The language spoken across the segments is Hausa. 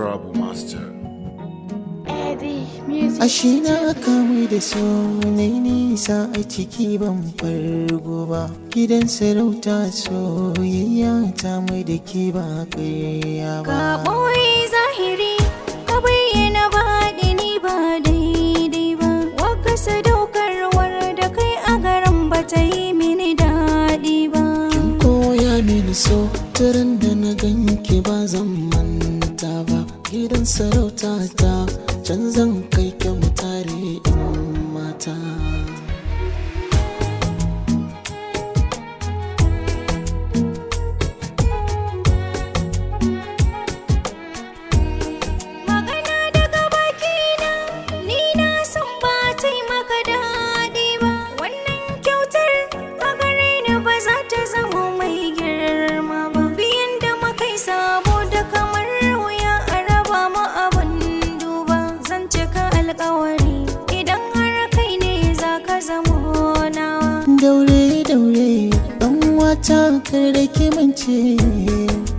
Honorable Master. na aka da so ne nisa a ciki ban fargo ba gidan sarauta soyayya ta mai da ke ba ƙarya ba. Ka ɓoye zahiri ka bayyana ba ni ba daidai ba waka sadaukarwar da kai a garin ba ta yi mini daɗi ba. Kin koya mini so taran da na ganke ba zan gidan sarauta ta canzan kai kyan tare in mata ta kare kimance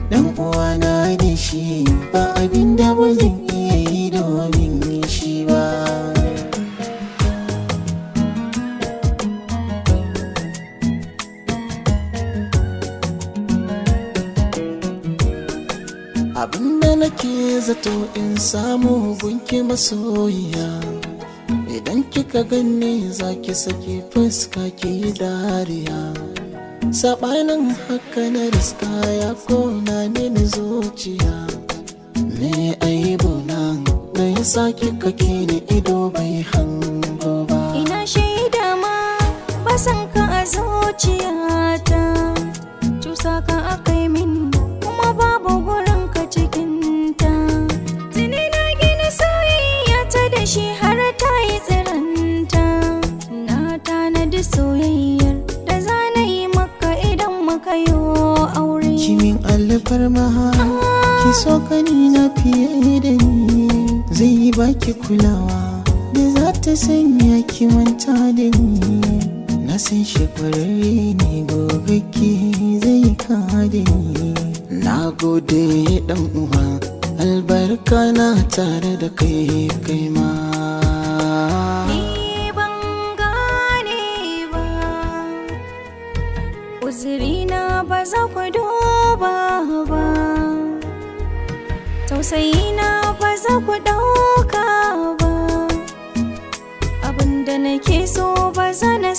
dan uwana da shi ba abin da ba zan iya yi domin shi ba abinda nake zato in samu gunki masoyiya idan kika ganni za ki saki fuska ki yi dariya saɓanin haka na riska ya kona mini zuciya me aibu nan na yi sake kake ni ido bai hango ba ina shaida ma basan ka a zuciyata Tusa ka aka yi min kuma babu gurin ka cikinta tuni na gina soyayya ta da shi har maha ki so kani na fiye da ni zai yi baki kulawa da za ta sanya ki manta da ni na san shi ne gobe ki zai ka da ni na gode dan uwa albarka na tare da kai kai ma Zirina ba za ku duba tausayina ba za ku ɗauka ba abinda nake so ba za